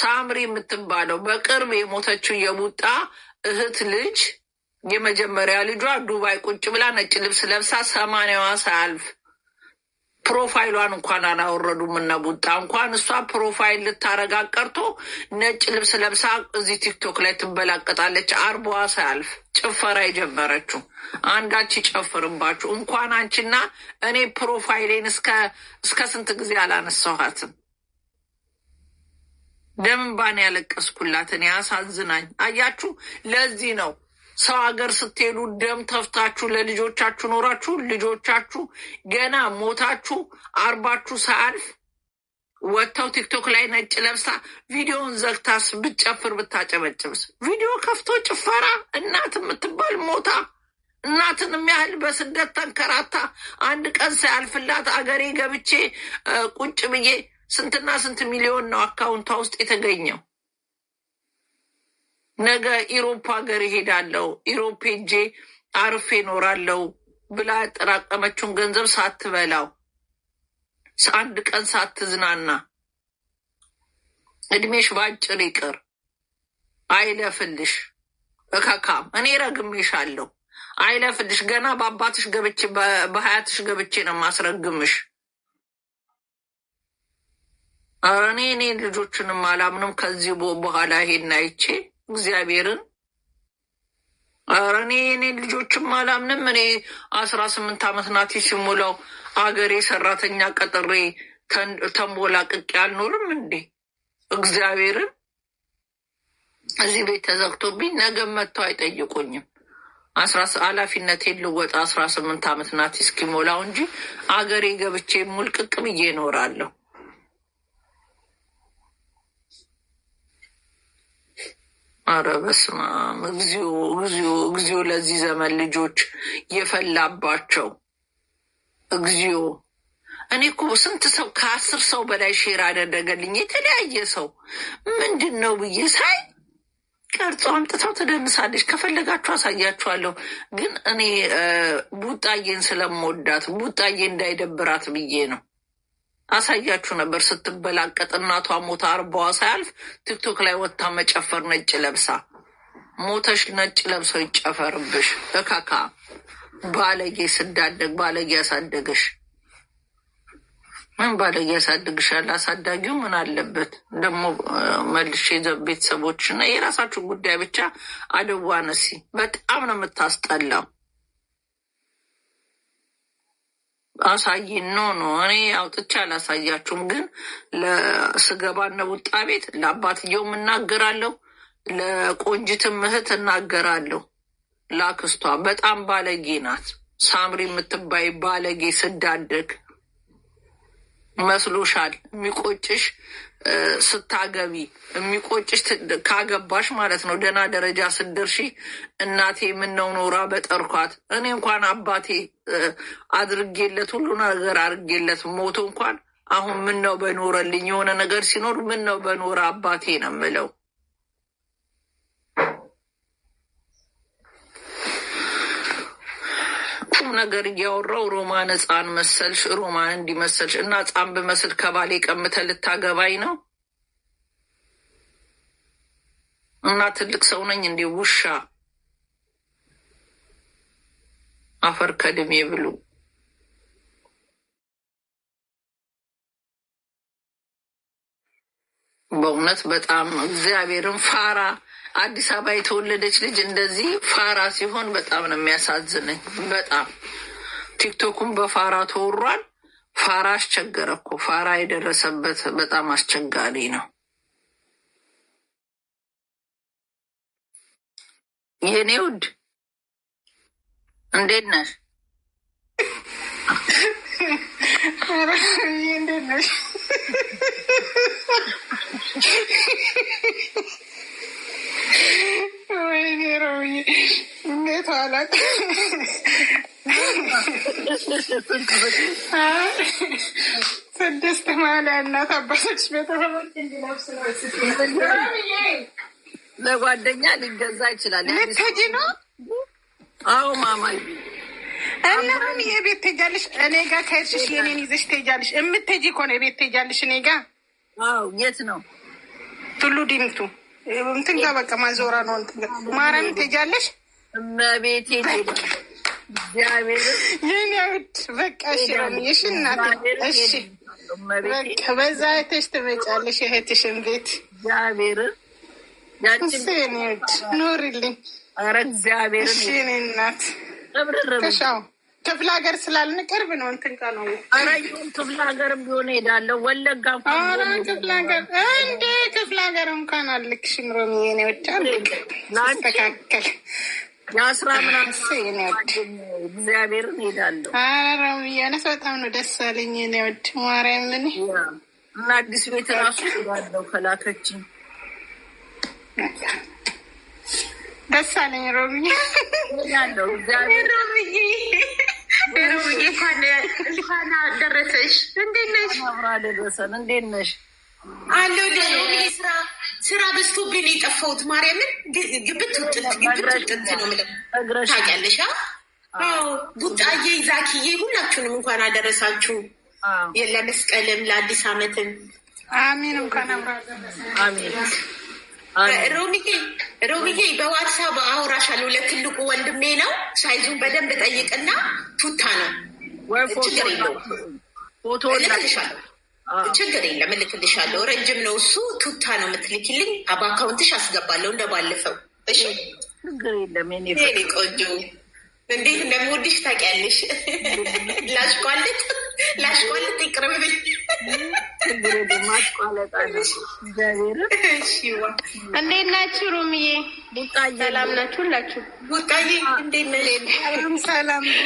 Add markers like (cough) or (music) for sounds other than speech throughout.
ሳምሪ የምትባለው በቅርብ የሞተችው የቡጣ እህት ልጅ የመጀመሪያ ልጇ ዱባይ ቁጭ ብላ ነጭ ልብስ ለብሳ ሰማንያዋ ሳያልፍ ፕሮፋይሏን እንኳን አላወረዱም እና ቡጣ እንኳን እሷ ፕሮፋይል ልታረጋ ቀርቶ ነጭ ልብስ ለብሳ እዚህ ቲክቶክ ላይ ትበላቀጣለች። አርባዋ ሳያልፍ ጭፈራ የጀመረችው አንዳች ይጨፍርባችሁ። እንኳን አንቺና እኔ ፕሮፋይሌን እስከ ስንት ጊዜ አላነሳኋትም። ደምባን ያለቀስኩላትን ያሳዝናኝ። አያችሁ፣ ለዚህ ነው ሰው ሀገር ስትሄዱ ደም ተፍታችሁ ለልጆቻችሁ ኖራችሁ ልጆቻችሁ ገና ሞታችሁ አርባችሁ ሰአልፍ ወጥተው ቲክቶክ ላይ ነጭ ለብሳ ቪዲዮውን ዘግታስ ብትጨፍር ብታጨበጭብስ ቪዲዮ ከፍቶ ጭፈራ እናት የምትባል ሞታ እናትን የሚያህል በስደት ተንከራታ አንድ ቀን ሳያልፍላት አገሬ ገብቼ ቁጭ ብዬ ስንትና ስንት ሚሊዮን ነው አካውንቷ ውስጥ የተገኘው። ነገ ኢሮፕ ሀገር ይሄዳለው ኢሮፕ ሄጄ አርፌ ኖራለው ብላ ያጠራቀመችውን ገንዘብ ሳትበላው አንድ ቀን ሳትዝናና እድሜሽ ባጭር ይቅር አይለፍልሽ እከካም እኔ ረግሜሻለሁ አይለፍልሽ ገና በአባትሽ ገብቼ በሀያትሽ ገብቼ ነው ማስረግምሽ እኔ እኔ ልጆችንም አላምንም ከዚህ በኋላ ሄድና አይቼ እግዚአብሔርን እኔ እኔ ልጆችም አላምንም። እኔ አስራ ስምንት አመት ናት ሲሞላው አገሬ ሰራተኛ ቀጥሬ ተንቦላቅቄ አልኖርም እንዴ? እግዚአብሔርን እዚህ ቤት ተዘግቶብኝ ነገ መጥተው አይጠይቁኝም። ኃላፊነቴን ልወጣ አስራ ስምንት አመት ናት እስኪሞላው እንጂ አገሬ ገብቼ ሙልቅቅ ብዬ እኖራለሁ። አረ በስመ አብ እግዚኦ እግዚኦ እግዚኦ ለዚህ ዘመን ልጆች የፈላባቸው እግዚኦ። እኔ እኮ ስንት ሰው ከአስር ሰው በላይ ሼር አደረገልኝ የተለያየ ሰው ምንድን ነው ብዬ ሳይ ቀርጾ አምጥተው ትደንሳለች። ከፈለጋችሁ አሳያችኋለሁ። ግን እኔ ቡጣዬን ስለምወዳት ቡጣዬ እንዳይደብራት ብዬ ነው። አሳያችሁ ነበር ስትበላቀጥ እናቷ ሞታ አርባዋ ሳያልፍ ቲክቶክ ላይ ወጥታ መጨፈር ነጭ ለብሳ ሞተሽ ነጭ ለብሰው ይጨፈርብሽ። እካካ ባለጌ ስዳደግ ባለጌ ያሳደገሽ ምን ባለጌ ያሳድግሻል? አሳዳጊው ምን አለበት ደግሞ መልሽ ቤተሰቦች እና የራሳችሁ ጉዳይ ብቻ አደዋነሲ በጣም ነው የምታስጠላው። አሳይን ነው ነው እኔ አውጥቼ አላሳያችሁም፣ ግን ለስገባ እነ ቡጣ ቤት ለአባትየውም እናገራለሁ፣ ለቆንጅትም እህት እናገራለሁ። ላክስቷ በጣም ባለጌ ናት። ሳምሪ የምትባይ ባለጌ ስዳደግ መስሎሻል የሚቆጭሽ ስታገቢ የሚቆጭሽ ካገባሽ ማለት ነው። ደህና ደረጃ ስደርሺ እናቴ ምነው ኖራ በጠርኳት እኔ እንኳን አባቴ አድርጌለት ሁሉ ነገር አድርጌለት ሞቶ እንኳን አሁን ምነው በኖረልኝ የሆነ ነገር ሲኖር ምነው በኖረ አባቴ ነው የምለው። ነገር እያወራው ሮማን ህፃን መሰልሽ፣ ሮማን እንዲመሰልሽ እና ህፃን ብመስል ከባሌ ቀምተ ልታገባኝ ነው እና ትልቅ ሰው ነኝ እንዴ? ውሻ አፈር ከድሜ ብሉ። በእውነት በጣም እግዚአብሔርን ፋራ አዲስ አበባ የተወለደች ልጅ እንደዚህ ፋራ ሲሆን በጣም ነው የሚያሳዝነኝ። በጣም ቲክቶኩን በፋራ ተወሯል። ፋራ አስቸገረ እኮ ፋራ የደረሰበት በጣም አስቸጋሪ ነው። የኔ ውድ እንዴት ነሽ? እንዴት ነሽ? እንዴት ዋላት? ስድስት እናት አባቶች ለጓደኛ ሊገዛ ይችላል። ልትሄጂ ነው? አዎ ማማ እና አሁን የቤት ትሄጃለሽ፣ እኔ ከሄድሽ የኔን ይዘሽ ትሄጃለሽ። የምትሄጂ ከሆነ የቤት ትሄጃለሽ እኔ የት ነው? ቱሉ ዲምቱ እንትን ጋር በቃ ማዞራ ነው። ማርያም ትሄጃለሽ። እመቤቴ ይህን ያውድ በቃ እሺ፣ እሺ፣ በቃ በዛ እህትሽ ትመጫለሽ። እህትሽን ቤት ኑሪልኝ። እሺ፣ እኔ እናት ተሻው ክፍለ ሀገር ስላልን ቅርብ ነው። እንትን ቀኑ አራየሁም ክፍለ ሀገር ቢሆን ሄዳለሁ። ወለጋ እንኳን ክፍለ ሀገር እንደ ክፍለ ሀገር እንኳን አልክሽም። ሮሚ የኔ ወዳ ተስተካከል የአስራ ምናምን እግዚአብሔርን ሄዳለሁ። ሮሚ የነስ በጣም ነው ደስ አለኝ። የኔ ወድ ማርያምን እና አዲስ ቤት ራሱ ሄዳለሁ ከላከችኝ ደስ አለኝ ሮሚ ሄዳለሁ እግዚአብሔር ሮሚ እንኳን ደረሰሽ። እንዴት ስራ ስራ በዝቶብኝ የጠፋሁት ማርያምን ግብት ውጥት ግብት ውጥት ነው የምለው። ታውቂያለሽ? አዎ ቡጣዬ፣ ዛኪዬ ሁላችሁንም እንኳን አደረሳችሁ ለመስቀልም ለአዲስ አመትም። አሚን። እንኳን አብራ አሚን። ሮሚዬ ሮሚዬ በዋትሳፕ አውራሻለሁ። ለትልቁ ወንድሜ ነው። ሳይዙን በደንብ ጠይቅና ቱታ ነው። ችግር የለውም፣ ችግር የለም፣ እልክልሻለሁ። ረጅም ነው እሱ። ቱታ ነው የምትልኪልኝ። በአካውንትሽ አስገባለሁ እንደባለፈው። እሺ፣ ችግር የለም። ቆንጆ እንዴት እንደምወድሽ ታውቂያለሽ። ላሽኳለት ላሽቋልጥ ይቅርብልኝ። እንዴት ናችሁ? ሩምዬ ሰላም ናችሁ? ሁላችሁ ቡጣዬ እንዴት ሰላም ሩምዬ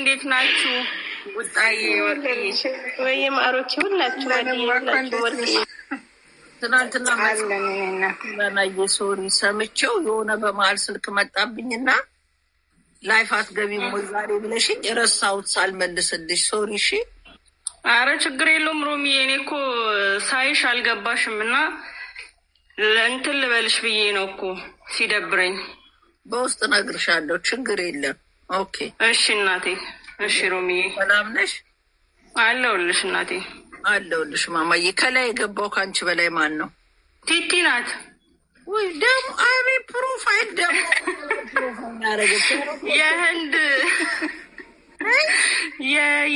እንዴት ናችሁ? ቡጣዬ ወርቄ ወይ ማሮቼ ሁላችሁ ትናንትና መናየ ሶሪ ሰምቼው የሆነ በመሀል ስልክ መጣብኝና ላይፍ አትገቢም ወይ ዛሬ ብለሽኝ ረሳሁት ሳልመልስልሽ ሶሪ። እሺ፣ አረ ችግር የለውም ሮሚ። እኔ እኮ ሳይሽ አልገባሽም እና እንትን ልበልሽ ብዬ ነው እኮ ሲደብረኝ። በውስጥ እነግርሻለሁ፣ ችግር የለም። ኦኬ፣ እሺ እናቴ። እሺ ሮሚዬ፣ ሰላም ነሽ? አለሁልሽ እናቴ። አለሁልሽ ማማዬ። ከላይ የገባው ከአንቺ በላይ ማን ነው? ቲቲ ናት ወይ ደግሞ አይቢ ፕሮፋይል ደግሞ የህንድ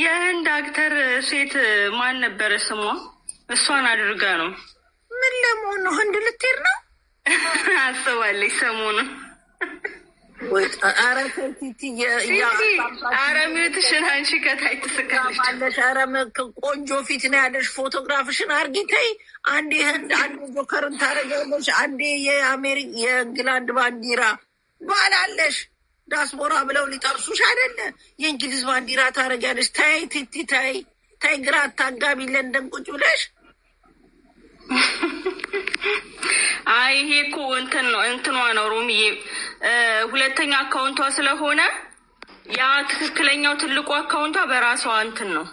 የህንድ አክተር ሴት ማን ነበረ ስሟ? እሷን አድርጋ ነው። ምን ለመሆን ነው? ህንድ ልትሄድ ነው አስባለች ሰሞኑን አረሚትሽን አንቺ ከታይ ትስቃለሽ። አረ ቆንጆ ፊት ነው ያለሽ። ፎቶግራፍሽን አርጊ ህንድ አንዴ ጆከርን ታደርጊያለሽ፣ አንዴ የእንግላንድ ባንዲራ ባላለሽ ዳስፖራ ብለው ሊጠርሱሽ አይደለ? የእንግሊዝ ባንዲራ ታደርጊያለሽ። ተይ ቲቲ ተይ ተይ፣ ግራ አታጋቢ ለንደን ቁጭ ብለሽ (laughs) አይ ይሄ እኮ እንትን ነው እንትኗ ነው ሮሚዬ ሁለተኛ አካውንቷ ስለሆነ ያ ትክክለኛው ትልቁ አካውንቷ በራሷ እንትን ነው።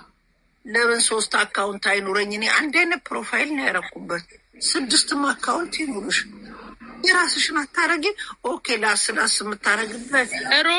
ለምን ሶስት አካውንት አይኑረኝ? እኔ አንድ አይነት ፕሮፋይል ነው ያረኩበት። ስድስትም አካውንት ይኑርሽ፣ የራስሽን አታረጊ። ኦኬ ላስ ላስ የምታረግበት